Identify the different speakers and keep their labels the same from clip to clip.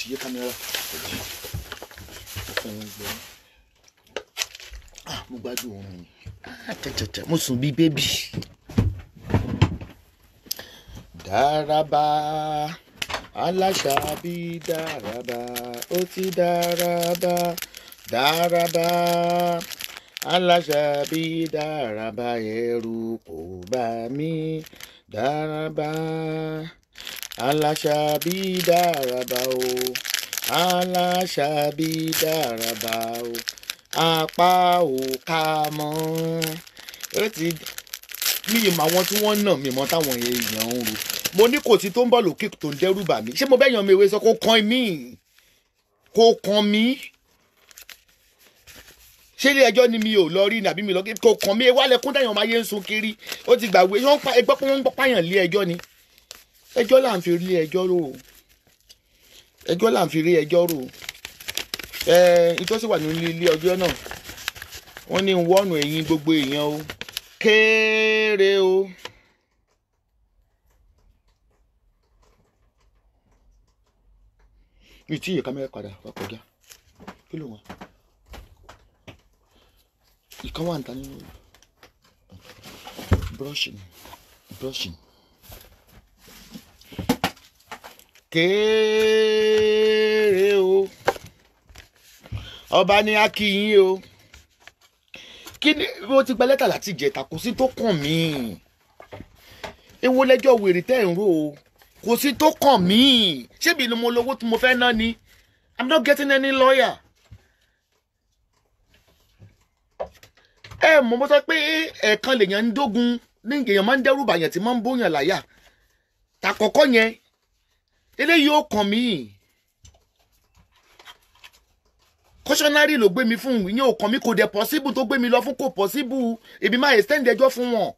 Speaker 1: ci kámẹ́rà er- ah, mo gbádùn oorun mi ah, tẹ̀tẹ̀tẹ̀ mo sùn bíi bébì dáraba aláṣà bíi dáraba ó ti dáraba dáraba aláṣà bíi dáraba ẹ̀rù kò bá mi dáraba aláṣàbí dàràbà o aláṣàbí dàràbà o apá ò ká mọ́ ó ti mi ìmọ̀ àwọn tí wọ́n nà mí mọ́ táwọn èèyàn ń ro mo ní kò tí tó ń bọ̀ lókè tó ń dẹ́rù bà mí ṣé mo bẹ́ẹ̀ mi ìwé sọ kó kan mí kó kan mí ṣé ilé ẹjọ́ ni mi ò lọ rí nàbí mi lọ kó kan mí ewé alẹ́kúndàyàn máa yé ń sun kiri ó ti gbàgbé wọ́n pa ẹgbẹ́ pé wọ́n ń pààyàn lé ẹjọ́ ni ẹjọ́ là ń fi rí ẹjọ́ rò ẹjọ́ là ń fi rí ẹjọ́ rò ẹ ìtọ́sí wà nínú ilé ọjọ́ náà wọ́n ní wọ́ọ̀nù ẹ̀yìn gbogbo èèyàn o kéré o. mi tí ìyè kámẹ́rà padà wà kọjá kí ló wọn ìkan wà ń ta nínú bírọ́ṣì ni bírọ́ṣì ni. kéré o ọba ní akíyín o kí ni bí ti gba lẹ́tà láti ìjẹta kò sí tó kàn mí ewo lẹ́jọ́ wèrè tẹ́ ń rò o kò sí tó kàn mí ṣébi ni mo lówó tí mo fẹ́ ná ni i'm not getting any lawyer. ẹ mọ̀ mo sọ pé ẹ̀ẹ̀kan lèèyàn ń dógun ní èèyàn máa ń dẹ́rù bàyàn tí máa ń bóyàn láyà tàkọ́kọ́ yẹn eléyìí ó kàn mí kọ́ṣọ́nárì ló gbé mi fún ìyẹn ò kàn mí kò dẹ̀ possible tó gbé mi lọ fún kò possible èmi máa extend ẹjọ́ fún wọn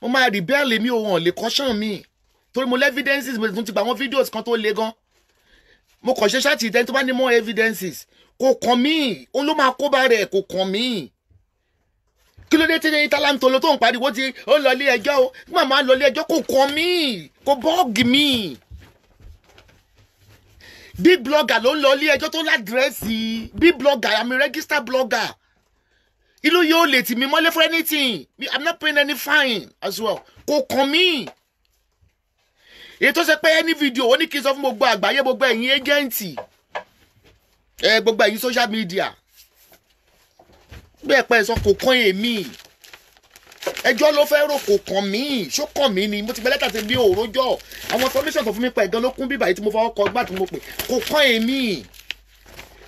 Speaker 1: mo máa rebel èmi ò hàn lè kọ́ṣọ́n mi torí mo lé mo tún ti gba àwọn videos kan tó le gan mo kàn ṣe ṣáàtì ìtẹ́ni tó bá ní more evidences kò kàn mí òun ló máa kó bá rẹ̀ kò kàn mí kí ló dé tí ní tálántò ló tó ń pariwo tí ó lọ ilé ẹjọ́ ó màmá lọ ilé ẹjọ́ kò kàn mí kò bọ́ọ̀gì mí bí blogger ló ń lọ ilé ẹjọ́ tó ládírẹ́sì bí blogger i'm a registered blogger ìlú yóò lè tì mí mọ́lé for anything i'm not paying any fine as well kò kàn mí èyí tó ṣe pé any video. ó ní kí n sọ fún gbogbo àgbáyé gbogbo ẹ̀yin ẹ́jẹ̀ǹtì gbogbo ẹ̀yin social media bẹ́ẹ̀ pẹ́ sọ kò kàn èmi ẹjọ́ ló fẹ́ rò kò kàn mí ṣó kàn mí ni mo ti gbẹ lẹ́tà sí bí òrójọ́ àwọn solution tó fún mi pa ẹ̀gán ló kún bíbà yìí tí mo fọwọ́ kọ gbà tí mo pè kò kàn èmi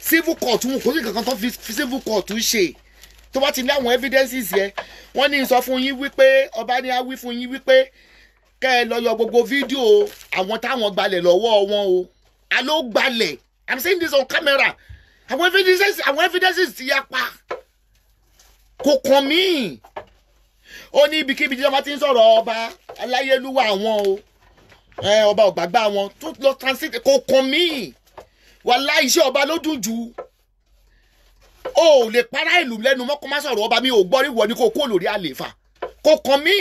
Speaker 1: civil court wọn kò sí kankan tó fi civil court ṣe tó bá ti ní àwọn evidences yẹ wọ́n ní sọ fún yín wípé ọba ní a wí fún yín wípé kẹ́ ẹ lọ yọ gbogbo fídíò àwọn táwọn gbalẹ̀ lọ́wọ́ wọn o àló gbalẹ̀ i'm saying this on camera àwọn evidences àwọn evidences ti yapa kò kàn mí ó ní ibikíbi tí wọ́n ti ń sọ̀rọ̀ ọba aláyélúwà wọn o ọba ògbàgbà wọn tó lọ transit kò kàn mí wàhálà iṣẹ́ ọba ló dùn jù o ò lè para ìlú lẹ́nu mọ́kàn má sọ̀rọ̀ ọba mi ò gbọ́ ríwọ ni kò kó lórí àlèfà kò kàn mí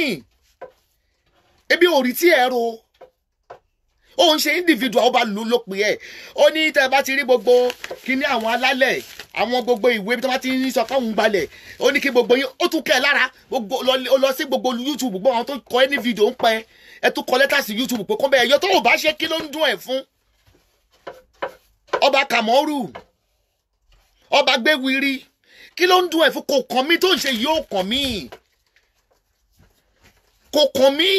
Speaker 1: ebi ò rí tí ẹ ro òun ṣe individual ó bá lù ú lópin ẹ̀ ó ní tẹ́ ẹ bá ti rí gbogbo kíní àwọn alálẹ̀ àwọn gbogbo ìwé tó bá ti ń sọ fáwọn gbalẹ̀ ó ní kí gbogbo yín ó tún kẹ́ lára gbogbo lọ sí gbogbo YouTube gbọ́ àwọn tó kọ ẹ́ ní fídíò ń pẹ́ ẹ tún kọ lẹ́tà sí YouTube pé kó bẹ́ẹ̀ yọ tó ò bá ṣe kí ló ń dún ẹ̀ fún ọba kàmọ́rù ọba gbéwiri kí ló ń dún ẹ̀ fún kò kàn mí tó ń ṣe yìí ó kàn mí kò kàn mí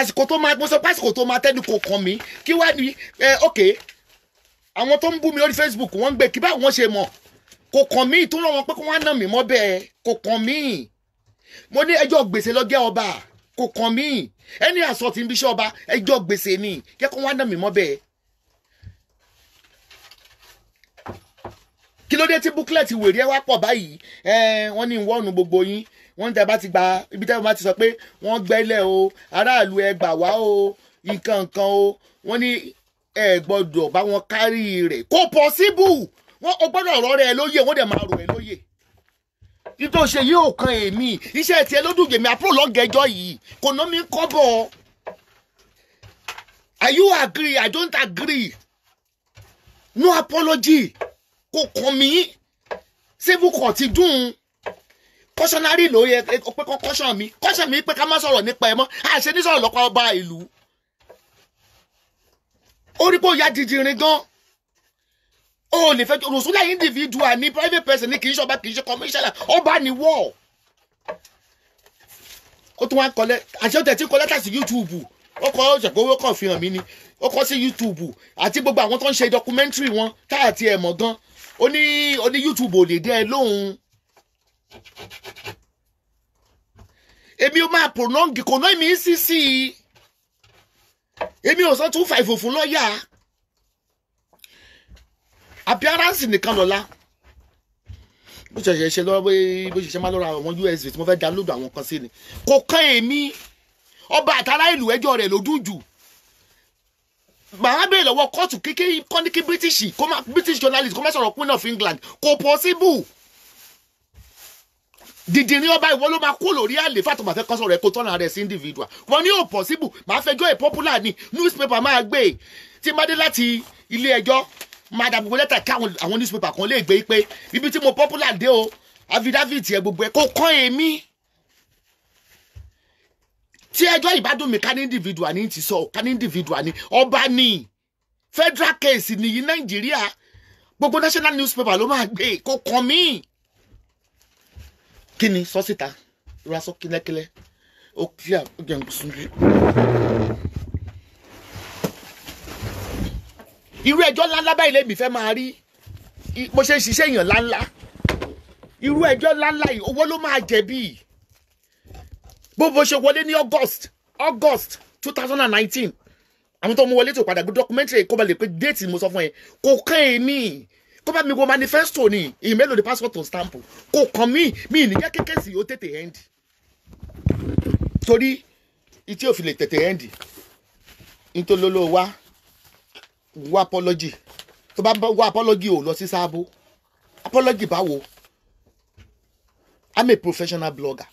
Speaker 1: àsìkò tó máa mo sọ pé àsìkò tó máa tẹ́nu kò kàn mí kí wá ní ẹ ok àwọn tó ń bú mi lórí Facebook wọ́n ń gbé kí báwọn ṣe mọ̀ kò kàn mí tó ràn wọ́n pé kí wọ́n á nà mí mọ́ bẹ́ẹ̀ kò kàn mí mo ní ẹjọ́ gbèsè lọ́jẹ́ ọba kò kàn mí ẹni àsọ tí ń bí iṣẹ́ ọba gbèsè ni kí wọ́n á nà mí mọ́ bẹ́ẹ̀. kí ló dé tí booklet wèrè ẹ wá pọ̀ báyìí ẹ wọ́n ní ìwọ́nù gbogbo yín wọ́n tẹ́ bá ti gba ibi tẹ́ bá ti sọ pé wọ́n gbẹ́lẹ̀ o aráàlú ẹ gbà wá o nǹkan kan o wọ́n ní ẹ gbọ́dọ̀ bá wọn kárí rẹ̀ kó pọ́síbù wọ́n o gbọ́dọ̀ ọ̀rọ̀ rẹ̀ lóye wọ́n dẹ̀ máa rò ẹ́ lóye nítorí ṣe yóò kan èmi iṣẹ́ tiẹ̀ ló dùn jèmi àpúrò lọ́gẹ̀ẹ́jọ́ yìí kò ná mi ń kọ́ bọ̀ I you agree I don't agree no apology kò kàn mí civil court dùn kọ́sọ́nárì ló yẹ pé kọ́sọ́n mi kọ́sọ́n mi pé ká má sọ̀rọ̀ nípa ẹ̀ mọ́ àṣẹ ní sọ̀rọ̀ lọ́pàá ọba ìlú orí pé ó yá didirin gan o lè fẹ́ rùsùlẹ̀ individual ní private person ní kì í ṣọba kì í ṣe commissioner ọba ní wọ́ọ̀ ó tún wá ń kọ́lẹ́ àṣẹ ó tí ń kọ́lẹ́ tà YouTube ó kọ́ ṣàkówó kan fi hàn mí ni ó kọ́ sí YouTube àti gbogbo àwọn tó ń ṣe documentary wọn táà ti ẹ̀ mọ̀ gan ó ní YouTube ò lè dẹ́ ẹ èmi ó máa prolonge kò náà èmi ń sí sí i èmi ò sọ tún fa ìfò fún lọ́ọ̀yà appearance nìkan lọ́la bó ṣẹ̀ṣẹ̀ ṣe lọ́wọ́ bó ṣẹ̀ṣẹ̀ máa lọ́ra àwọn usb tí mo fẹ́ download àwọn kan sí ni kò kàn èmi ọba àtàrà ìlú ẹjọ́ rẹ̀ ló dùn jù màá bèèrè lọ́wọ́ kóòtù kékeré kọ́ni kí british british journalist kó má sọ̀rọ̀ queen of england kò possible dìdìrín ọba ìwọ ló máa kó lórí àlè fàtọ̀mọ̀ fẹ́ kọ́sọ̀ rẹ̀ kó tọ́nà rẹ̀ sí individual wọn ní ò possible máa fẹjọ́ ẹ̀ popular ni newspaper máa gbé e tí má dé láti ilé ẹjọ́ máa dàbò lẹ́tà kí àwọn newspaper kan lè gbé pé ibi tí mo popular dé o affidavit ẹ gbogbo ẹ kó kọ́ èmi tí ẹjọ́ ìbádùn mi ká ní individual ni ti sọ ká ní individual ni ọba ni federal case nìyí nàìjíríà gbogbo national newspaper ló máa gbé kó kàn míì Kini ni sọ síta ra sọ kílẹ́kílẹ́ ó kí àjẹun sunjú. irú ẹjọ́ ńláńlá báyìí lèmi fẹ́ máa rí mo ṣe ń ṣiṣẹ́ èèyàn ńláńlá irú ẹjọ́ ńláńlá yìí owó ló máa jẹ̀bi bó bó ṣe wọlé ní August August two thousand and nineteen àwọn tó mú wọlé tó padà gbé documentary kó ba lè pé déètì mo sọ fún ẹ kò kàn é ní kó bá mi wo manifesto ni ìyìn mélòó ni passport to stamp kò kàn mí mi ì ní jẹ́ kékeré sí i ó tètè end torí ìtí òfin lè tètè end nítorí ló wá wá apology tó bá wá apology ò lọ sí sáàbò apology báwo i'm a professional blogger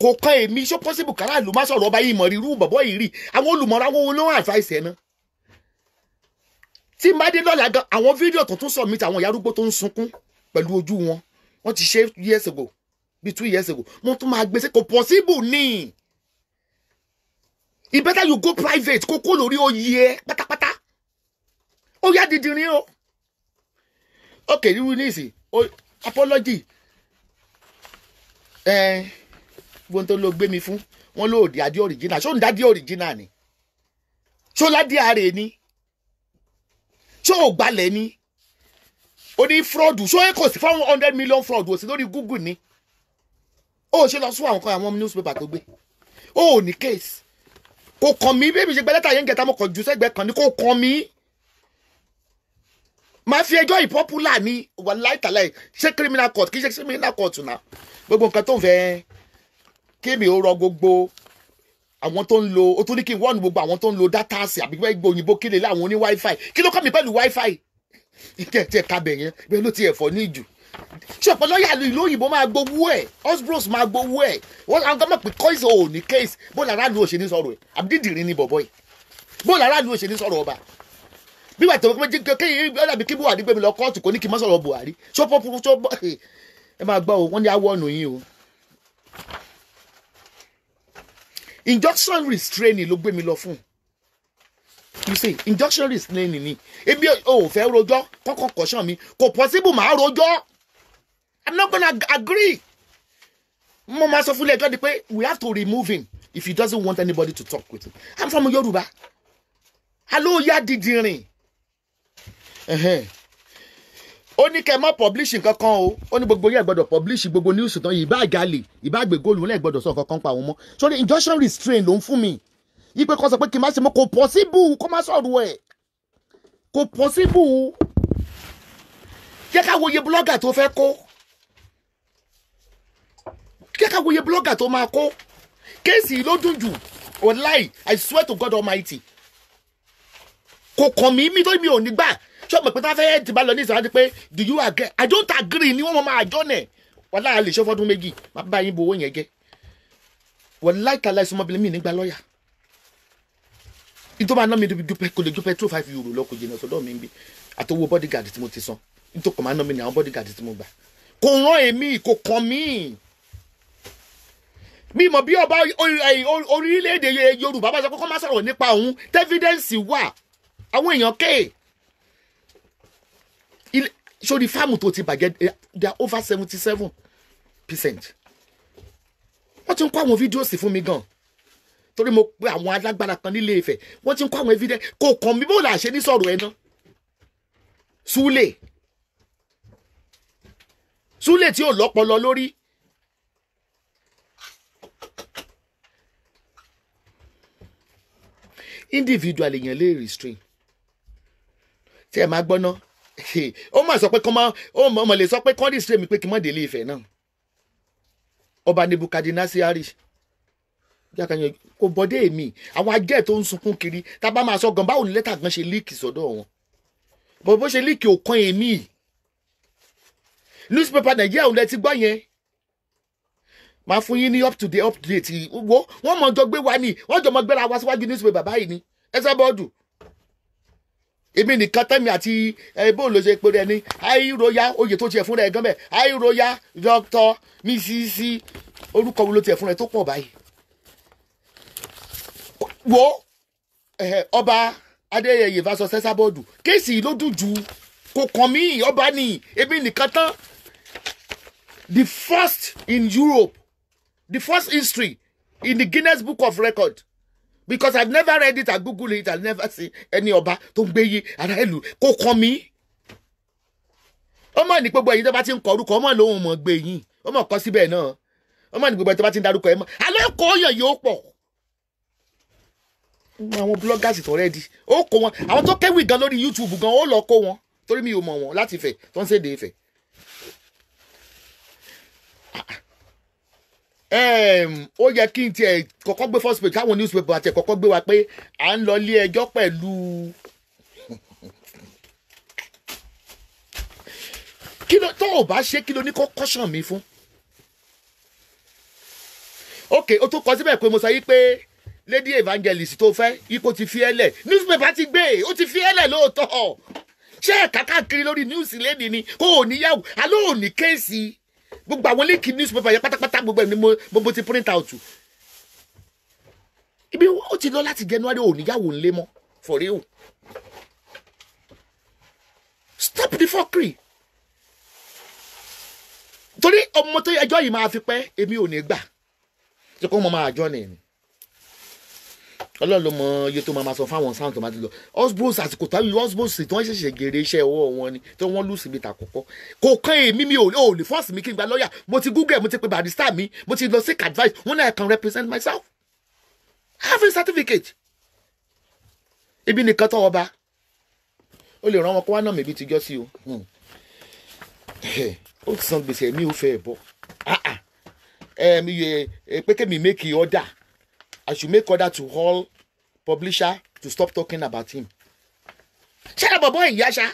Speaker 1: kò kọ́ èmi ṣó possible kára ìlú má sọ̀rọ̀ ọba yìí mọ̀ rí irú bọ̀bọ̀ yìí rí àwọn olùmọ̀ràn àwọn olóhùn advice ẹ̀ náà tí n bá dé lọ́la gan àwọn fídíò tó tún submit àwọn ìyá arúgbó tó ń sunkún pẹ̀lú ojú wọn wọ́n ti ṣe years ago bí two years ago mo tún máa gbé sí kò possible ni e better you go private kó kó lórí oyè ẹ pátápátá ó yá dídìrín o ok irú ní ìsìn apology ẹ gbọ́n tó ló gbé mi fún wọn ló dí adé original ṣó ń dá dé original ni ṣó ládé ààrẹ ni ṣó o gbalẹ̀ ni o ní fraud ṣó kò sí four hundred million fraud o sí lórí google ni o ṣe lọ sún àwọn kan àwọn newspaper tó gbé o ò ní case kò kàn mí bébí ṣe gbẹ lẹ́tà yẹn ń gẹ̀ta mo kàn jù sẹ́gbẹ̀ẹ́ kan ni kò kàn mí máa fi ẹjọ́ ìpọ́pùlà ní wàláìtàláì ṣé criminal court kì í ṣe criminal court náà gbogbo nǹkan tó ń fẹ́ kí mi ó rọ gbogbo àwọn tó ń lo ó tún ní kí n wọ́n gbogbo àwọn tó ń lo dátàsì àbí bẹ́ẹ̀ gbọ́ òyìnbó kéde láwọn oní wifi kí ló kọ́ mi pẹ̀lú wifi ìkẹ́ tiẹ̀ kabẹ̀ yẹn bẹ́ẹ̀ ló ti ẹ̀fọ́ ní ìjù ṣé ọ̀pọ̀ lọ́ọ̀yà ìlú òyìnbó máa gbowó ẹ̀ osbros máa gbowó ẹ̀ wọ́n àwọn kan mọ̀ pé kọ́ìsì ò ní kéèsì bó lára lu òṣèlú sọ̀rọ̀ ẹ̀ àbídìrí ni bọ̀bọ̀ yìí bó lára lu òṣèlú sọ̀rọ̀ ọba bí wàá tẹ̀wé pé kéyìn ọ̀dàbí kí Buhari gbẹ̀mí lọ kóòtù kò ní kí n má sọ̀rọ̀ Buhari ṣọ́pọ̀ ẹ máa gbọ́ o wọ́n ní awọ́nù yín o injunction restraining ló gbé mi lọ fún you see injunction restraining ni ebi o fẹ́ rojọ́ kọ́kọ́ kọ́ṣán mi kò possible màá rojọ́ i'm not gonna agree mo máa sọ fún ilé ẹjọ́ di pé we have to remove him if he doesn't want anybody to talk with him i'm from Yorùbá alóòyà dìdìrín. Uh -huh ó ní kẹ́ ẹ má publish nǹkan kan o ó ní gbogbo yẹn gbọ́dọ̀ publish gbogbo news tán ìbá àgàlè ìbá àgbègbòlù wọn lẹ́ẹ̀ gbọ́dọ̀ sọ nǹkan kan pa àwọn mọ́ sórí injunction restraint ló ń fún mi yí pé kó sọ pé kí n má ṣe mọ́ kò possible kó má sọ̀rọ̀ ẹ̀ kò possible yẹ ká wòye blogger tó fẹ́ kó yẹ ká wòye blogger tó máa kó kéèsì yìí ló dùn jù online I swear to God Almighty kò kàn mí mi tó mi ò ní gbà ṣé ọmọ ìpínlẹ̀ afẹ́ ti bá lọ ní ìsọ̀rọ̀ pé do you agree i don't agree ni wọ́n mọ̀ máa jọ́ nẹ̀ wọ́n láyà lè ṣe fọ́dún méjì má bá yín bo owó yẹn jẹ́ wọ́n láìka láìsọ ọmọbìnrin mi nígbà lọ́ọ̀yà ìjọba náà mi kò lè ju petrol five euro lọ kò jìnnà sọ́dọ̀ mi ń bi àtọwọ́ bodyguard tí mo ti san nítorí kọ̀má náà mi ní àwọn bodyguard tí mo gbà kò rán èmi kò kàn mí mi mọ̀ bí ọba orílẹ̀-èdè Yorùbá bá sọ pé kọ́ má sọ̀rọ̀ nípa òun tẹ́fídẹ́ǹsì wà àwọn èèyàn kéè sórí fáàmù tó ti bàjẹ́ eh, they are over seventy seven percent wọ́n ti ń kó àwọn fídíòsì fún mi gan torí mo pe àwọn alágbára kan nílé Ifẹ̀ wọ́n ti ń kó àwọn evidence kò kàn mí bó la ṣe ní sọ̀rọ̀ ẹ̀ náà súlẹ̀ súlẹ̀ tí ò lọ́pọlọ lórí. individual èèyàn lè restrain tí ẹ máa gbọ́ náà ó mà sọ pé kán máa ó mọ̀ lè sọ pé kán dìstré mi pé kí n má délé Ifẹ̀ náà ọba nebukadinasiri jákàyàn kò bọ́dé mi àwọn ajẹ́ tó ń sunkún kiri tá a bá máa sọ gan báwo ni lẹ́tà gan ṣe líìkì sọ́dọ̀ wọn bọ̀ bó ṣe líìkì ò kan èmi newspaper nàìjíríà òun lẹ ti gbọ́ yẹn máa fún yín ní up to date up to date wo wọ́n mọ̀ jọ gbé wa ni wọ́n jọ mọ̀ gbéra wa síwájú newspaper báyìí ni ẹ sábọ́ọ̀dù èmi nìkan tẹ́mi àti bóun ló ṣe pé rẹ ní àìróyá oyè tó tiẹ̀ fún rẹ gan bẹ́ẹ̀ àìróyá dr mrs orúkọ wo ló tiẹ̀ fún rẹ tó pọ̀ báyìí. wo ọba adéyẹyẹ vaso sẹ́sábọ́ọ̀dù kéèsì ló dùn jù kò kàn mí ọba ni èmi nìkan tán the first in Europe the first history in the Guinness Book of Records because I've never read it, I Google it, I've never see any ọba tó ń gbé yí ara ìlú kó kọ́ mi. ọmọ ní gbogbo ẹ̀yin tó bá ti ń kọ orúkọ ọmọ lòun mọ̀ gbé yín ọmọ kọ síbẹ̀ náà ọmọ ní gbogbo ẹ̀yin tó bá ti ń darúkọ ẹ̀ mọ́ alẹ́ kọ́ ọ̀yàn yóò pọ̀. àwọn bloggers tó rẹ́ẹ̀dì ó kó wọn àwọn tó kẹ́wì gan lórí YouTube gan ó lọ kó wọn torí mi ò mọ̀ wọn láti fẹ̀ tó ń ṣèdè fẹ̀ ó yẹ kí n tiẹ̀ kọ́kọ́ gbé first page káwọn newspaper àti ẹ̀kọ́kọ́ gbé wa pé à ń lọ ilé ẹjọ́ pẹ̀lú. kí ló tó o bá ṣe kí ló ní kó kọ́ṣàn mi fún. ok o tún kọ síbẹ̀ pé mo sọ yí pé lady evangelist tó fẹ́ ipò ti fi ẹlẹ̀ newspaper ti gbé ó ti fi ẹlẹ̀ lóòótọ́ ṣé ẹ̀ka káàkiri lórí news lẹ́ni ni kó o níyàwó alóòní kéèsì gbogbo àwọn líǹkì newspaper yẹn pátápátá gbogbo ẹ̀ ni mo mo ti print out ibi ó ti lọ láti January ò níyàwó ńlé mọ́ for real stop the fuckery torí ọmọ tó ẹjọ́ yìí máa fi pẹ́ èmi ò ní gbà tí kò mọ máa jọ nìyẹn ọlọ́run ló mọ iye tó máa sọ fáwọn sound tó máa ti lọ osbos àsìkò táwọn ìlú osbos tí wọ́n ṣẹ̀ṣẹ̀ gèrè iṣẹ́ ọwọ́ wọn ni tí wọ́n lù síbi tàkọ́kọ́ kò kàn èmi mi ò lè fọ́ọ̀sì mi kí n gba lọ́ọ̀yà mo ti google mo ti pe barrister mi mo ti lọ seek advice wọn náà I can represent myself I have a certificate ibi nìkan tọ́wọ́ bá o lè ràn wọn kó wá náà mi ibi tíjọ́ sí o hmm. ó san gbèsè mi ò fẹ́ bọ́ ah, ah. ẹ̀ẹ́mi pé kémi make order I should make order to all publisher to stop talking about him. Shut up, boy, Yasha.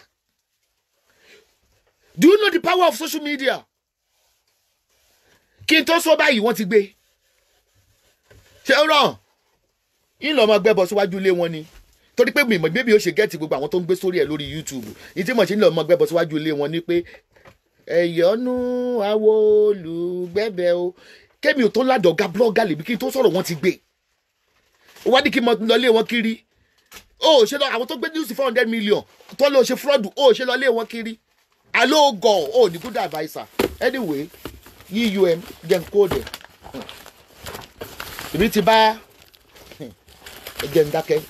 Speaker 1: Do you know the power of social media? Kí n tó sọ báyìí wọ́n ti gbé. Ṣé In ràn? Yín lọ́ọ́ máa gbẹ́bọ̀ síwájú ilé wọn ni. Torí pé mímọ̀ bébí ó ṣe gẹ́ẹ̀tì gbogbo àwọn tó ń gbé sórí ẹ̀ lórí YouTube. Ní tí mo ṣe ń lọ́ọ́ máa gbẹ́bọ̀ síwájú ilé wọn ni pé ẹ̀yọ́nú àwọn olùgbẹ́bẹ̀ o. Kémi ò tó ládọ̀ọ́gá blọ́gà lèbi kí n tó sọ̀rọ̀ wọ́n ti gbé ó wá ní kí n mọ lọlé wọn kiri ó ṣe lọ àwọn tó gbé news four hundred million tó lọ ṣe fraud ó ṣe lọlé wọn kiri alóògọ ó ní good adviser anyway e UUM dem kóòdù èmi ti bá ẹjẹ ń dákẹ́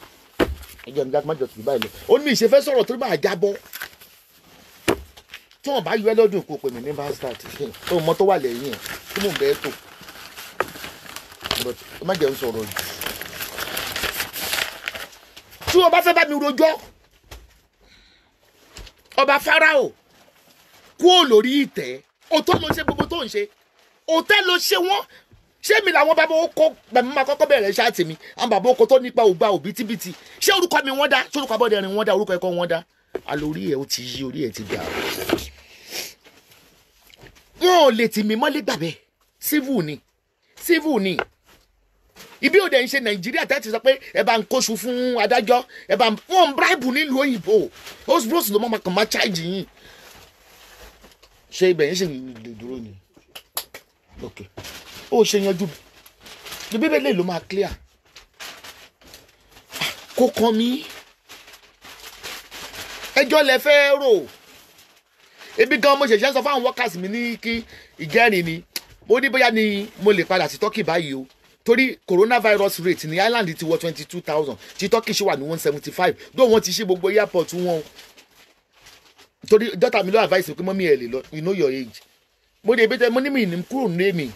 Speaker 1: ẹjẹ ń dákẹ́ má jọ tìbí báyìí lọ ó ní ìṣẹ́fẹ́ sọ̀rọ̀ tó máa jábọ́ tí wọn bá yọ ẹ lọ́dún kò pè mí ní bastard ohun mọ tó wà lẹ́yìn ẹ tí mò ń bẹ ẹ tó ẹ má jẹun sọ̀rọ̀ yìí tí o bá fẹ́ bá mi rojọ́ ọba farao kúò lórí ìtẹ́ òótọ́ ló ṣe gbogbo tó ń ṣe òótọ́ ló ṣe wọ́n ṣé mi làwọn bàbá oko bàmí máa kọ́kọ́ bẹ̀rẹ̀ ṣáà tèmi àwọn bàbá oko tó nípa ògbà òbítíbitì ṣé orúkọ mi wọ́n dá ṣé orúkọ abọ́dẹ̀rin wọ́n dá orúkọ ẹ̀kọ́ wọ́n dá àlórí ẹ̀ ó ti yí orí ẹ̀ ti dà wọn ò lè tì mí mọ́lé gbàbẹ́ ni civil ni ibi òde ń ṣe nàìjíríà tẹ́ ti sọ pé ẹ bá ń kóṣù fún adájọ́ ẹ bá wọn ń bíráìbù nílùú òyìnbó osbros ló máa kàn máa ṣáàjì yín ṣé ibẹ̀ yẹn ṣe lè dúró ni ok ó ṣe yanjú ní bíbélì ló máa clear ah, kó kàn mí ẹjọ́ lẹ fẹ́ rò ebi gan mo ṣẹ̀ṣẹ̀ sọ fáwọn workers mi ní kí ìjẹ́rìí ni mo ní bóyá ni mo lè padà sí turkey báyìí o torí coronavirus rate ní Ireland ti wọ twenty two thousand tí Turkey ṣe wà ní one seventy five dó wọn ti ṣe gbogbo airport wọn torí dọ́tà mi ló advice pé mọ́mí ẹ̀ lè lọ you know your age mo dé ibi tẹ mo ní mi ní kúrò ní èmi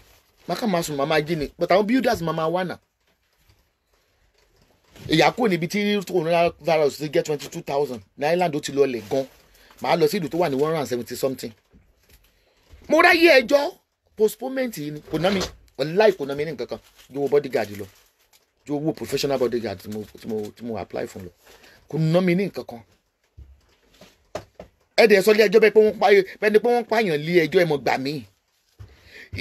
Speaker 1: màkà máa sùn màmá jí ni but àwọn builders máa máa wà náà ìyá níbi tí coronavirus ti get twenty two thousand ní Ireland ó ti lọ lẹ̀ gan màá lọ sí ìlú tó wà ní one hundred and seventy something mo ráyè ẹjọ́ postponement yìí ni kò ná mi ọláì kò ná mi ní nǹkan kan ju owó bodyguard lọ ju owó professional bodyguard tí mo tí mo tí mo apply fún lọ kò ná mi ní nǹkan kan ẹ̀dẹ̀ sọ lé ẹjọ́ bẹ́ẹ̀ pé wọ́n pa bẹ́ẹ̀ ni pé wọ́n pààyàn lé ẹjọ́ ẹ̀ mọ̀ gbà mí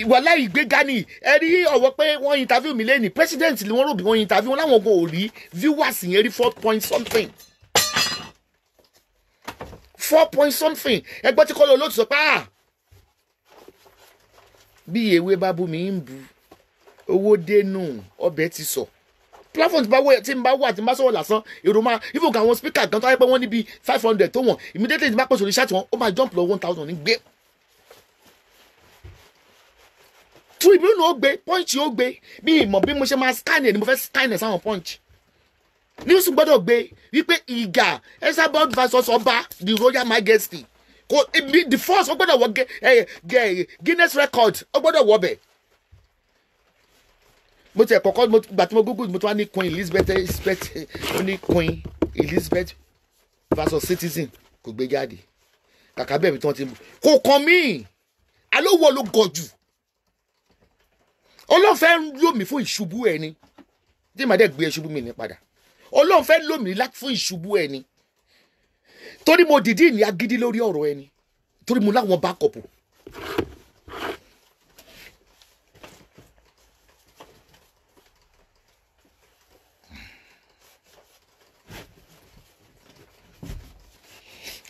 Speaker 1: ìwà láì gbéga ni ẹ rí ọ̀wọ́ pé wọ́n interview mi lẹ́yìn president ni wọ́n rò bí wọ́n interview wọn láwọn ogun ò rí viewers yẹn rí four point something four point something ẹgbẹ́ tí kọ́ lọ lóòtú sọ pé ah bí ewé bá bú mi ń bu owó dénú ọbẹ̀ ti sọ platform tí n bá wà tí n bá sọ̀rọ̀ lásán èrò máa even kí àwọn speaker gan tó ayé pé wọ́n níbi five hundred tó wọ̀n immediately tí n bá pèsè oríṣà tí wọ́n ó máa jump lọ one thousand ní gbé. Tribune ó gbé punch ó gbé bí ìmọ̀ bí mo ṣe máa scan ẹ̀ ni mo fẹ́ scan ẹ̀ sáwọn punch news gbọ́dọ̀ gbé wípé ìjà Esabod versus ọba the royal majesty kò ibi the first ó gbọ́dọ̀ wọ Guinness record ó gbọ́dọ̀ wọ bẹ̀ mo ti ẹ̀ kọ́kọ́ gbà tí mo google mo tún wá ní Queen Elizabeth Elizabeth ó ní Queen Elizabeth versus Citizen kò gbé jáde kàkà bẹ́ẹ̀ mi tí wọ́n ti mú kò kàn mí alówó ló gọ̀ jù olóòfẹ́ ń lò mí fún ìṣubú ẹni tí màá dẹ̀ gbé ìṣubú mi ní padà olóòfẹ́ lò mí fún ìṣubú ẹni torí mo dìdí ní agídí lórí ọ̀rọ̀ ẹni torí mo láwọn bákọ̀pù.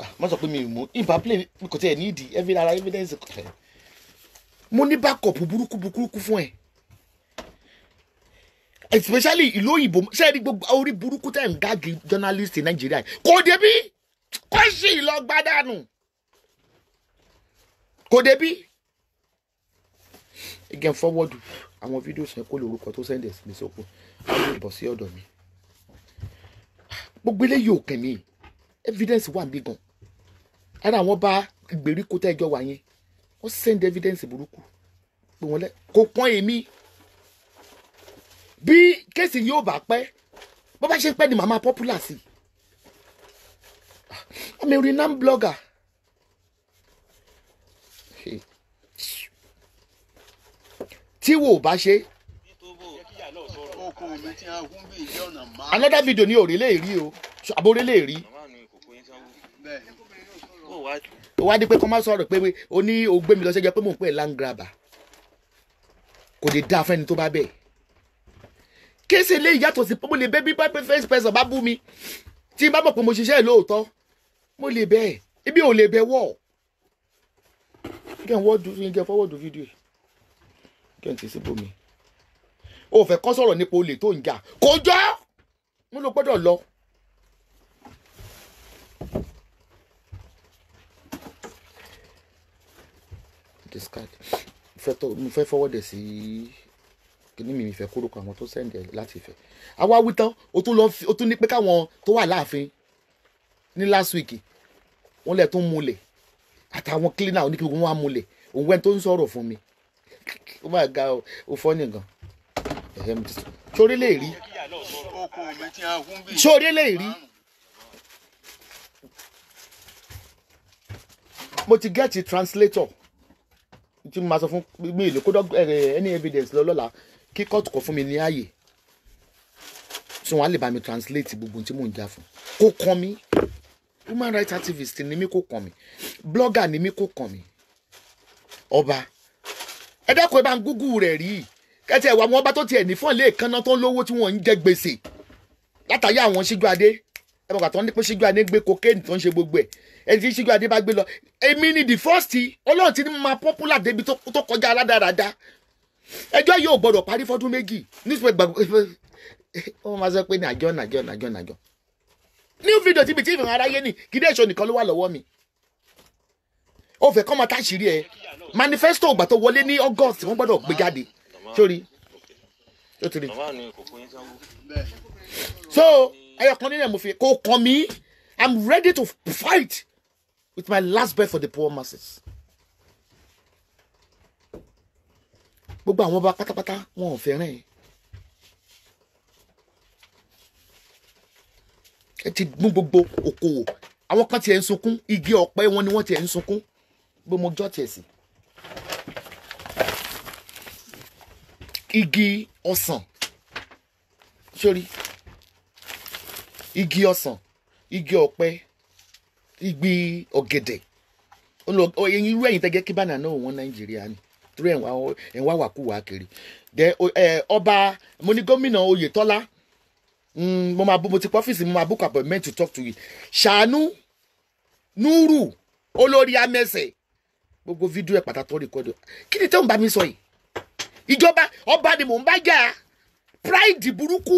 Speaker 1: Ah, má sọ pé mi mú ibà play kò tẹ̀ ní ìdí ẹ̀fín ara evidence kò tẹ̀. mo ní bákọ̀pù burúkú burúkú fún ẹ especially ìlú òyìnbó ṣẹ́ẹ̀rí gbogbo orí burúkú tẹ̀ ń gáàgì journalist ní nàìjíríà kò débi kọ́ṣì lọ gbádànù kò débí. again forward àwọn fídíò sọ kó lórúkọ tó sẹ́ndẹ̀ mi sóko àwọn ìbọ̀ sí ọ̀dọ̀ mi gbogbo eléyìí ò kàn mí evidence wà níbí gan ara àwọn bá ìgbèríko tẹ́jọ́ wà yẹn wọ́n send evidence burúkú pé wọ́n lẹ́ kò pọ́n èmi bí kéèsì yóò bá pẹ́ bó bá ṣe pẹ́ ni màmá popular sí i. I'm a renowned blogger. Tí wo bá ṣe. Another video ni òrè lè rí o, àbórè lè rí. Ó wá di pé kọ́ máa sọ̀rọ̀ pé o ní o gbé mi lọ sẹ́jọ́ pé mò ń pè land grabber. Kò lè dá fẹ́ni tó bá bẹ̀. Kí ẹsẹ̀ lè yàtọ̀ sí pé mo lè bẹ́ bí bá pé first person bá bú mi tí n bá mọ̀ pé mo ṣiṣẹ́ lóòótọ́ mo lè bẹ ebi ò lè bẹ wọ kí n wọ du kí n kẹ fọwọ́ du fídíò kí n tì sí bomi o fẹ́ kọ́ sọ̀rọ̀ nípa olè tó ń jà kò jọ mo ló gbọ́dọ̀ lọ. discard mo fẹ́ fọwọ́dẹ̀ sí kíní mi ìfẹ́ kórókò àwọn tó sẹ́ǹdẹ̀ láti ìfẹ́ àwa wí o tún ní pé káwọn tó wà láàfin ní last week wọ́n lẹ̀ tó ń múlẹ̀ àtàwọn cleaner oníkìlì wọn wá múlẹ̀ òun wẹ́n tó ń sọ̀rọ̀ fún mi ó máa ga ó fọ́ nìkan sórí lè rí sórí lè rí mo ti gẹ́ẹ̀tì translator tí mo máa sọ fún mi ìlú kódọ́ eh, any evidence lọ́lọ́la kí kóòtù kọ fún mi ní ààyè tí wọ́n á lè bá mi translate gbogbo tí mò ń jà fún kó kàn mí human rights activist ni mí kò kàn mí blogger ni mí kò kàn mí ọba ẹ dákun ẹ bá ń gúgú rẹ̀ rí kẹtì ẹwà àwọn ọba tó tiẹ̀ ní fọ́ọ̀lì èkánná tó ń lówó tí wọ́n ń jẹ gbèsè látàrí àwọn síjú adé ẹ bọ̀ kàtọ́ ní pé síjú adé gbé cocaine tó ń ṣe gbogbo ẹ̀ ẹni tí síjú adé bá gbé lọ èmi ni the first ọlọ́run ti ní máa popular débi tó kọjá aládàáradá ẹjọ́ yóò gbọ́dọ̀ parí fọ́dún méjì nítorí wọ́n máa sọ pé nàjọ́ nàjọ́ nàjọ́ nàjọ́ new video ti bi tí ìfihàn aráyé ni kìdí èso nìkan ló wà lọ́wọ́ mi ó fẹ́ kọ́ máa táṣìírí ẹ e. manifesto ìgbà tó wọlé ní August wọ́n gbọ́dọ̀ gbé jáde sórí so ẹyọkan nínú ẹ e mo fi kó kàn mí I'm ready to fight with my last breath for the poor masses. gbogbo àwọn ọba pátápátá wọn ò fẹ́ràn yìí ẹ ti mú gbogbo okòwò àwọn kan tiẹ̀ ń sunkún igi ọ̀pẹ wọn ni wọ́n tiẹ̀ ń sunkún bí mo jọ́ tiẹ̀ sí. igi ọsàn sórí igi ọsàn igi ọ̀pẹ igi ọ̀gẹ̀dẹ̀ ẹyin irú ẹ̀yin tẹ́gẹ́ kí bánà náà wọ́n nàìjíríà ni torí ẹ̀ ń wá wàkúwà kiri ọba mo ní gómìnà oyetola Mm, mo máa bú mo ti pọ́ ọ́fíìsì mo máa book appointment to talk to you ṣàánú Nuru, olórí amẹ́sẹ̀ gbogbo fídíò ẹ̀ pàtàkì rìkọ́dù kí ni tẹ́wọ̀n bá mi sọ yìí ìjọba ọba ni mò ń bá jà pride burúkú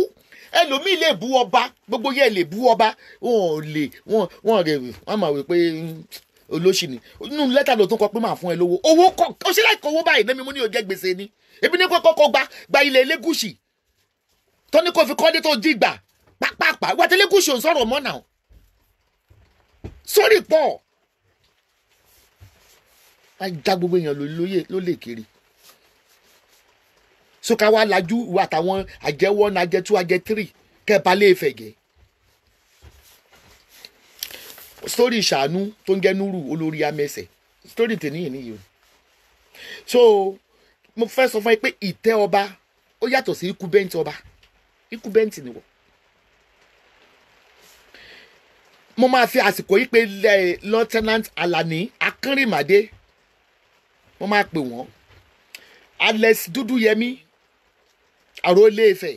Speaker 1: ẹlòmíì lè bú ọba gbogbo yẹ lè bú ọba wọn ò lè wọn wọn rẹ wọn máa wí pé hmm, olóṣì ni nínú lẹ́tà ló tún kọ pé màá fún ẹ lówó owó kọ ó ṣe láì kọ owó báyìí lẹ́mi mú ní ó gbèsè ni ebi ní kọ́kọ́ kọ́ gba gba ilẹ̀ elégùsì tó ní kó fi kọ́lé tó jí gbà pápápá wàtẹ́lẹ́kù ṣòun sọ̀rọ̀ mọ́ náà sórí pọ̀ á já gbogbo èèyàn lóye ló lè kiri sókà wá lajú ìwà àtàwọn àjẹ one àjẹ two àjẹ three kẹba lè fẹ̀gẹ́ sórí ìṣàánú tó ń jẹ́ núrù olórí amẹ́sẹ̀ sórí tèníyàn nìyí o so mo fẹ́ sọ fún yín pé ìtẹ́ ọba ó yàtọ̀ sí ikú bẹ́ńtì ọba incumbent ni wọ mo máa fi àsìkò yìí pé lieutenant Alani Akínrìmádé mo máa pè wọ́n Alex Dúdúyẹmí Àrólẹ́fẹ̀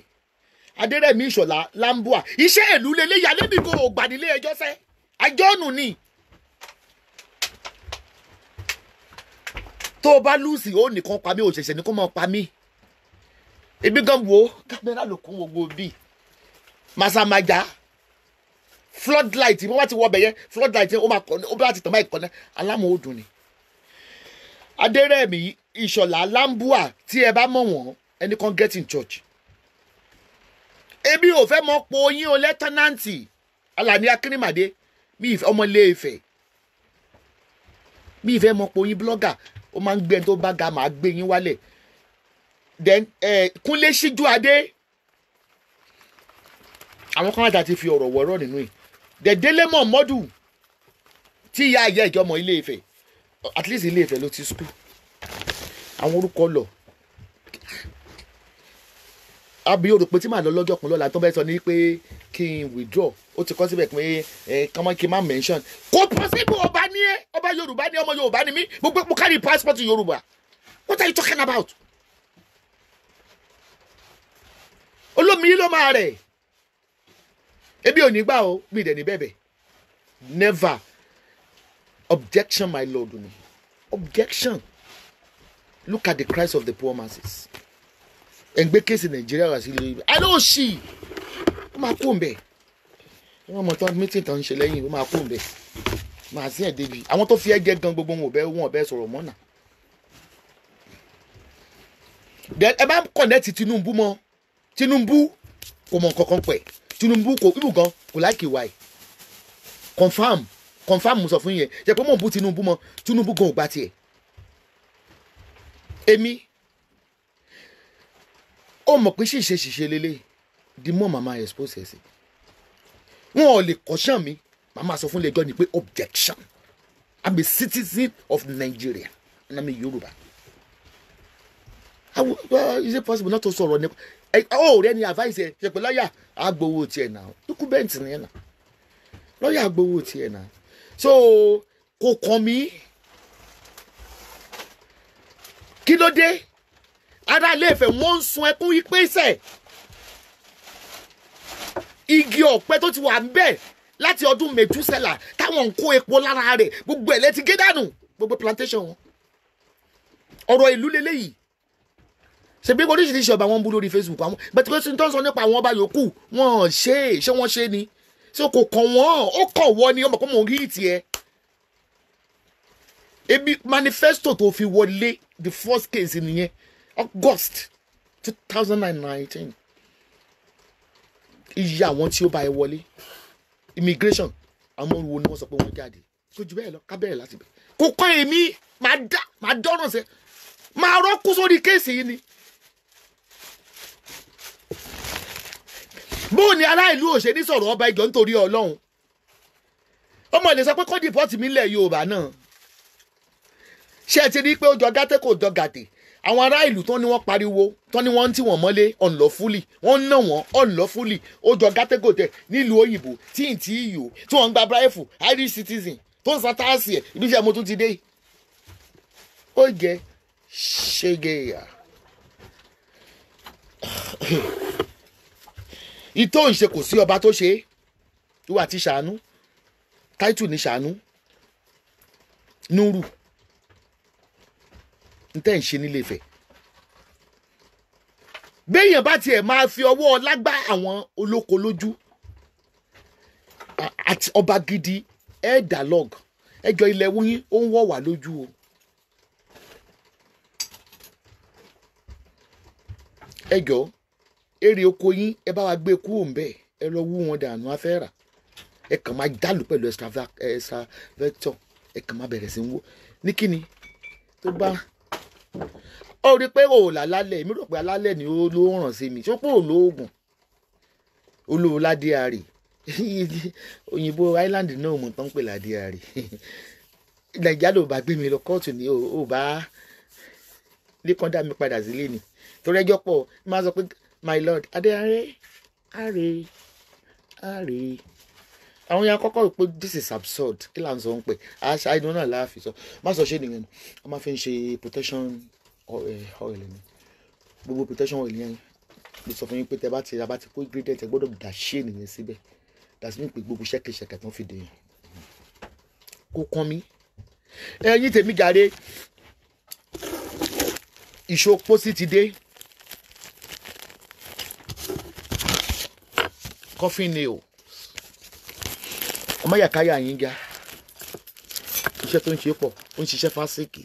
Speaker 1: Adérẹ̀mí Ìṣọ̀lá Lambua iṣẹ́ ìlú lélẹ́yà lẹ́bi kò gbàdílé ẹjọ́ fẹ́ àjọ́nù ni. tó o bá lùsì ó nìkan pa mí òṣèṣẹ́ ni kó máa pa mí ibi gan wo kámẹ́rà ló kún gbogbo bíi masamaja floodlight bí wọ́n ti wọ ọbẹ̀ yẹn floodlight yẹn ó máa kọ́ni ó bá ti tàn máa kọ́ni alámòódùn ni. adẹ́rẹ́mì ìṣọ̀lá lambua tí ẹ bá mọ̀ wọ́n ẹni kan get in church. ebi ò fẹ́ mọ po yín o lẹ́tọ́nàǹtì alani akínrímàdé mi ìfẹ́ ọmọ ilé Ifẹ̀ mi ìfẹ́ mọ po yín blogger ó máa ń gbé ẹni tó bá ga màá gbé yín wálẹ̀ then eh, Kúnlé Síjúadé àwọn kan àti àti fi ọ̀rọ̀ wọ̀rọ̀ nínú the Dèdélé Mọ̀mọ́dù tí ìyá ìyá ìjọmọ Ilé Ifẹ̀ at least Ilé Ifẹ̀ ló ti school àwọn orúkọ lọ àbí òrò pé tí màá lọ lọ́jọ́ kan lọ́la tó bẹ́ẹ̀ sọ ni pé kí n withdraw ó ti kọ́ síbẹ̀ pé eh, kọ́mọ́ kí n má mention kò pọ́sibú ọba ní ẹ ọba Yorùbá ní ọmọ Yorùbá ní mí gbogbo mo kárí passport Yorùbá what are you talking about? olómi ló máa rẹ̀ ebi ò ní gbà o mi dẹ̀ ní bẹ̀bẹ̀ never objection my lord ni objection look at the cries of the poor masses ẹgbẹ́ kéésì nàìjíríà wà sí ilé ibẹ̀ ẹ ló ṣì ó máa kó mbẹ̀ wọn mọ̀ tán mítìn tán ń ṣe lẹ́yìn ó máa kó mbẹ̀ màá sí ẹ̀ débi àwọn tó fi ẹ́ gan gbogbo wọn ò bẹ́ wọn ò bẹ́ sọ̀rọ̀ mọ́nà ẹ bá kọ̀nẹ́ẹ̀tì Tinubu mọ́ Tinubu kò mọ nǹkan kan pẹ̀ Tinubu kò ibù gan kò láìkè wà ẹ̀ confam confam sọ fún yẹn jẹ́ pé mò ń bú Tinubu mọ́ Tinubu gan ò gba tiẹ̀ èmi ó mọ̀ pé ṣìṣe ṣìṣe lélẹ̀ di mọ́ màmá expose ẹ̀ wọn ò lè kọ́ṣán mi màmá sọ fún lẹ́jọ́ ni pé objection I'm a citizen of Nigeria and I'm a Yoruba. How, uh, is it possible not to sọ̀rọ̀ nípa ó rẹ ni advice ẹ ṣe pé lọ́ọ̀yà agbowó tiẹ̀ náà document nìyẹn náà lọ́ọ̀yà agbowó tiẹ̀ náà so kò kàn mí kí ló dé ara ilé ìfẹ́ wọ́n ń sun ẹkún ipe sẹ̀ igi ọ̀pẹ tó ti wà ń bẹ̀ láti ọdún mẹ̀túsẹ̀là táwọn ń kó epo lára rẹ̀ gbogbo ẹ̀ lẹ́ti gé dànù gbogbo plantation wọn ọ̀rọ̀ ìlú lélẹ́yìí ṣe bí oríṣiríṣi ọba wọn ń bú lórí Facebook àwọn bẹ́ẹ̀ pé tó ń sọ nípa àwọn ọba yòókù wọn ṣe é ṣé wọ́n ṣe ni ṣé kò kàn wọ́n ó kàn wọ́n ni ọmọ kó mọ̀ ń rí ebi manifesto tó fi wọlé the first case nìyẹn August two thousand and nineteen iye àwọn tí ó bá ẹ wọlé immigration àwọn ọmọ wo ni wọ́n sọ pé wọ́n jáde kò jù bẹ́ẹ̀ lọ ká bẹ̀rẹ̀ láti bẹ̀ kò kọ́ èmi màá dọ́ràn sẹ́ màá rọ́kú sórí kéèsì yìí ni bóun ni ará ìlú òṣè ní sọ̀rọ̀ ọba ìjọ nítorí ọlọ́run ọmọ ilé sọ pé kọ́dì pọ́ọ̀tì mi lẹ̀ yorùbá náà ṣé ẹ ti rí i pé ó jọ gàtẹ́ kò jọ gàtẹ́ àwọn ará tán ni wọ́n pariwo tán ni wọ́n ń tì wọ́n mọ́lé unlawfully wọ́n ń nà wọ́n unlawfully ó jọ gàtẹ́gòtẹ́ nílùú òyìnbó tí ì tí ì yò tí wọ́n ń gba bíráìfù irish citizen tó ń sátáàsì ẹ̀ ibi iṣẹ́ mo tún ti dé. ó jẹ ṣégeya ìtò ìṣe kò sí ọba tó ṣe é ìwà ti ṣàánú táìtù ní ṣàánú núrù ntẹ́ ń ṣe nílé Ifẹ̀ béèyàn bá tiẹ̀ máa fi ọwọ́ lágbá àwọn olóko lójú àti ọba gidi ẹ̀ dialogue ẹjọ́ ilẹ̀ wúyín ó ń wọ̀ wá lójú o. ẹjọ́ èrè oko yín ẹ bá wa gbé kúrò ń bẹ̀ ẹ lọ wú wọn dànù afẹ́ rà ẹ kàn máa dàlù pẹ̀lú extravator eh, ẹ kàn máa bẹ̀rẹ̀ sí ń wó ní kíni tó bá ó rí pé o là lálẹ́ rò pé alálẹ̀ ni ó ló ràn sí mi ṣópò olóògùn olówó ládìárì òyìnbó island náà mọ̀ tán pè ládìárì nàìjíríà ló bá gbé mi lọ kóòtù ni ò bá lẹ́kàn dá mi padà sílé ni torí ẹjọ́ pọ̀ máa sọ pé my lord adéyàrè àrè àrè àwọn yẹn akọ́kọ́ rò pé this is absurd kí là ń sọ ń pè àṣà inú náà láàfin sọ má sọ ṣé nìyẹn a fi ń ṣe protection eh, oil ni gbogbo protection oil yẹn mo sọ fún yín pé tẹ bá ti ra bá ti kó ingredient ẹ gbọ́dọ̀ dà ṣé nìyẹn síbẹ̀ dàsí mi pé gbogbo ṣẹ́kẹ̀ṣẹ̀kẹ̀ tó ń fi dèyàn kó kán mi ẹ̀yin tèmi jàre ìṣó pósí ti dé. coffin nail ọmọ yàkáyà yín ga iṣẹ́ tó ń ṣe pọ̀ ó ń ṣiṣẹ́ fásitì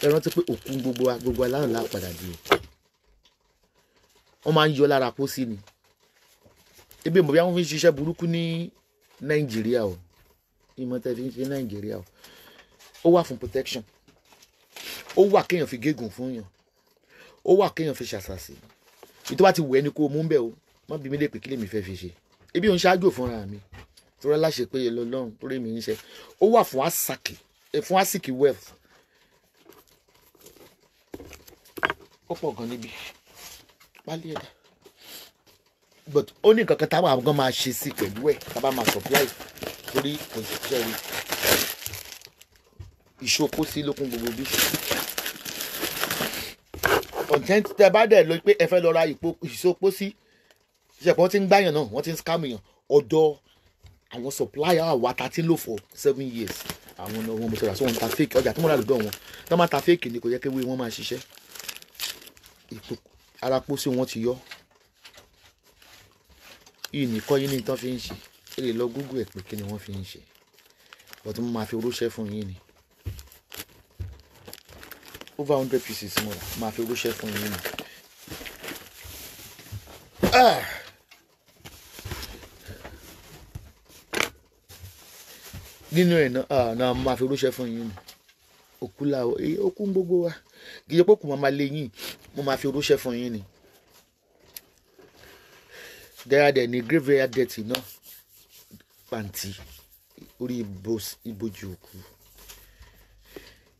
Speaker 1: ẹ rántí pé òkú gbogbo wa gbogbo wa di o wọ́n máa ń yọ lára pósí ni ebi mọ̀ bí wọ́n fi ń ṣiṣẹ́ burúkú ní nàìjíríà o ìmọ̀ tẹ́ fi ń ṣe nàìjíríà o ó wà fún protection ó wà kéèyàn fi gégùn fún yàn ó wà kéèyàn fi ṣàṣàṣì tó bá ti wù ẹ́ ni kó o mú bẹ́ẹ̀ o má bí mi lè pè kí lèmi fẹ́ fi ṣe ebi òun ṣáájú fúnra mi tó rẹ́ láṣẹ pé lọ́lọ́run tó rẹ́ mi ń ṣe ó wà fún asaki eh, fún asiki wealth ó pọ̀ gan níbi pálí ẹ̀dá but ó ní nǹkan kan táwọn àwọn gan máa ṣe sí pẹ̀lú ẹ̀ tá máa supply torí kò sí ṣẹ́ni sí lókun gbogbo bí content tẹ bá dẹ̀ lọ pé ẹ fẹ́ lọ ra ìṣòpó sí ṣẹ̀pọ̀ wọ́n ti ń gbàyàn náà wọ́n ti ń scam yàn ọ̀dọ̀ àwọn supplier wa ta ti ń lò for seven years àwọn ọmọ wọn mo sọ̀rọ̀ àti wọn ta fake ọjà tí wọ́n rà lọ́dọ̀ wọn tí wọ́n máa ta fake ni kò yẹ kéwé wọn máa ṣiṣẹ́ ara pósí wọn ti yọ yìí nìkan yìí ní tán fi ń ṣe ẹ lè lọ Google ẹ pé kí ni wọ́n fi ń ṣe bọ́tún mo máa fi orúṣẹ́ fún yín ni over hundred pieces mo rà máa fi rúṣẹ́ fún yín nù. Ah! nínú ẹ̀ náà ah, máa fi rúṣẹ́ fún yín nù òkú làwọ̀ eh, òkú ń gbogbo wa gíjẹ́ pé òkú máa ma lé yín mo máa fi rúṣẹ́ fún yín ni. dáradẹ̀ ni graveyard dirty náà pàǹtí orí ìbòjú òkú. No?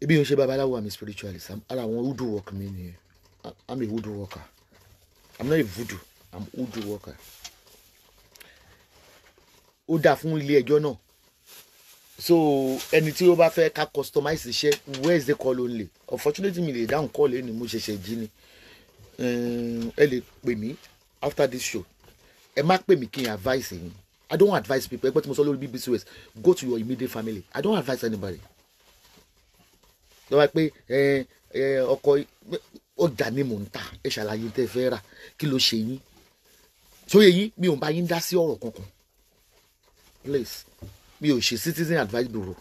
Speaker 1: ebi yóò ṣe babaláwo àmì spiritualist ara àwọn voodoo work mi nìyẹn i'm a voodoo worker i'm not a voodoo i'm a voodoo worker ó dà fún ilé ẹjọ́ náà so ẹni tí ó bá fẹ́ ká customize iṣẹ́ where is the call only unfortunately mi lè dáhùn call ẹni mo ṣẹ̀ṣẹ̀ jí ni ẹ lè pè mí after this show ẹ má pè mí kí n advice yín i don't advise people ẹ gbọ́ tí mo sọ lórí BBC West go to your immediate family i don't advise anybody tó wá pé ọkọ ọjà ni mò ń ta ẹ ṣàlàyé tẹ́ fẹ́ rà kí ló ṣe yín sóye yín mi ò bá yín dá sí ọ̀rọ̀ kankan please mi ò ṣe citizen advice bureau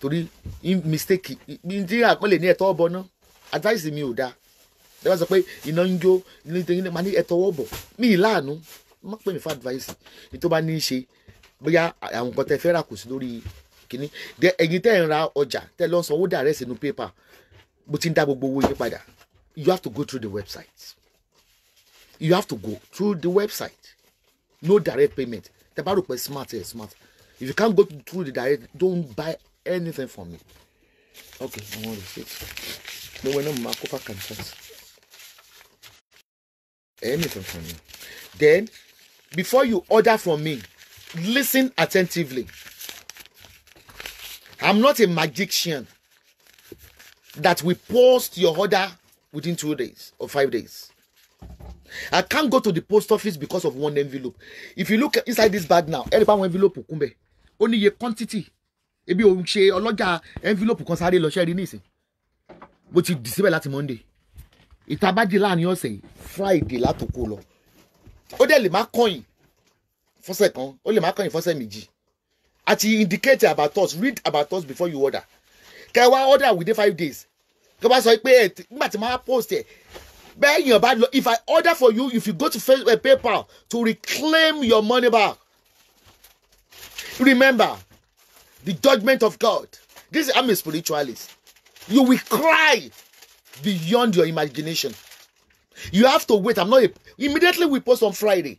Speaker 1: torí mistake nàìjíríà pẹ̀lẹ́ ní ẹ̀tọ́ ọ̀bọ náà advice mi ò dáa lẹ́wọ́n sọ pé iná ń jó nítorí máa ní ẹ̀tọ́ ọ̀bọ̀ mi ì láàánú má pè mí fún advice ní tó bá ní í ṣe bóyá àwọn nǹkan tẹ́ fẹ́ rà kò sí lórí kínní then ẹ̀yin tẹ́ ń ra ọjà tẹ́ lọ sanwó dàrẹ́ sínú pépà mo ti ń dá gbogbo owó yín padà you have to go through the website you have to go through the website no direct payment tẹ́ bá rò pé smart ẹ eh, smart if you can't go through the direct don't buy anything from me okay i wan receipt gbogbo ẹ náà mo máa kó fà contract anything from me then before you order from me listen attentively I'm not a magician that will post your order within two days or five days. I can't go to the post office because of one envelope. If you look inside this bag now, everybody envelope kún bẹ́ẹ̀. Ó ní quantity. Ebi òun ṣe ọlọ́jà envelope kan sáré lọ ṣẹ́rí nísìn. Mo ti dì síbẹ̀ láti Monday. Ìta bá di láàrin ọ̀sẹ̀ Friday látòkó lọ. Ó dẹ̀ lè má kọ́yìn fọ́sẹ̀ kan, ó lè má kọ́yìn fọ́sẹ̀ méjì àti indicate about us read about us before you order kẹ wá order within five days kẹ bá sọ pé eh, nígbà tí màá post ẹ bẹ́ẹ̀ yàn bá lọ if I order for you if you go to Facebook, uh, eh, PayPal to reclaim your money back remember the judgment of God this I'm a spiritualist you will cry beyond your imagination you have to wait I'm not a immediately we post on Friday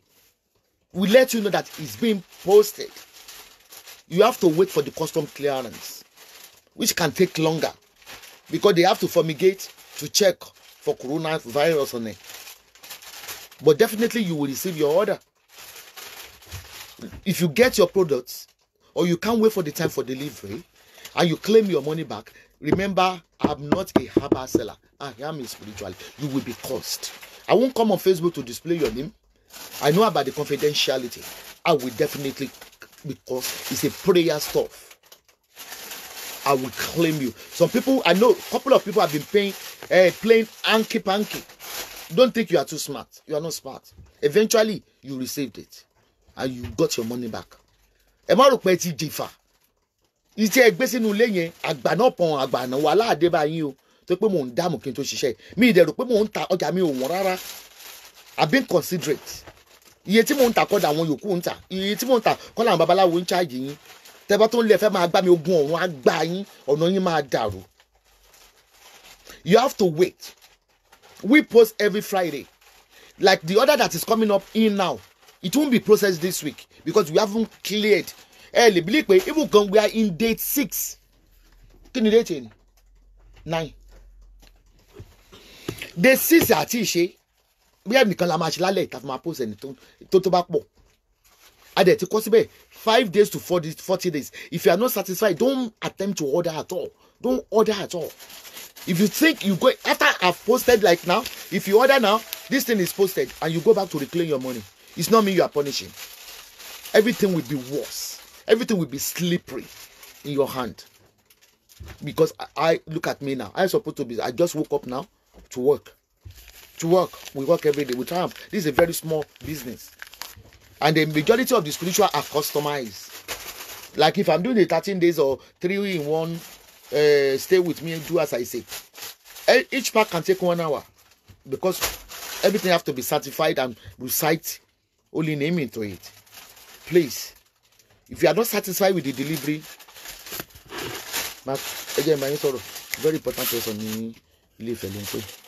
Speaker 1: we let you know that it's being posted. you have to wait for the custom clearance, which can take longer because they have to fumigate to check for coronavirus on it. But definitely, you will receive your order. If you get your products or you can't wait for the time for delivery and you claim your money back, remember, I'm not a harbor seller. I am spiritual. You will be cursed. I won't come on Facebook to display your name. I know about the confidentiality. I will definitely because it's a prayer stuff. I will claim you. Some people I know, a couple of people have been paying, uh, playing anki panky. Don't think you are too smart. You are not smart. Eventually, you received it, and you got your money back. Ẹ má ti jìfà. Iṣẹ́ ẹgbẹ́ sínú ilé yẹn, àgbà náà pọn wà láàdé báyìí o. Tó pé mò ń dààmú kí n tó ṣiṣẹ́. Mi ìdẹ̀rù pé mò ń ta ọjà mi ò wọ́n rárá. I've been considerate iye tí mò ń ta kọ́dà àwọn yòókù ń ta iye tí mò ń ta kọ́dà àwọn babaláwo ń ṣáàjì yín tẹ́bá tó ń lé ẹ fẹ́ máa gbá mi ogun ọ̀run á gbá yín ọ̀nà yín máa dàrú. you have to wait we post every Friday like the order that is coming up in now it won't be processed this week because we haven't cleared ẹ lè bílí pé even gan we are in date six kí ni date yẹn nine date six àti ìṣe bí ẹ̀mí kan la máa ṣe lálẹ́ ìta fún máa post ẹni tó tó bá pọ̀ adẹ̀ ti kọ́ síbẹ̀ five days to forty days if you are not satisfied don't attempt to order at all don't order at all if you think you go after I've posted like now if you order now this thing is posted and you go back to reclaim your money it's not me you are punishing everything will be worse everything will be slippery in your hand because I, I look at me now I supposed to be I just woke up now to work to work. We work every day. We travel. This is a very small business. And the majority of the spiritual are customized. Like if I'm doing the 13 days or three in one, uh, stay with me and do as I say. E, each pack can take one hour because everything have to be certified and recite holy name into it. Please, if you are not satisfied with the delivery, Mark, again, my sorrow, very important person in Ilé Ifẹ̀ ló ń pè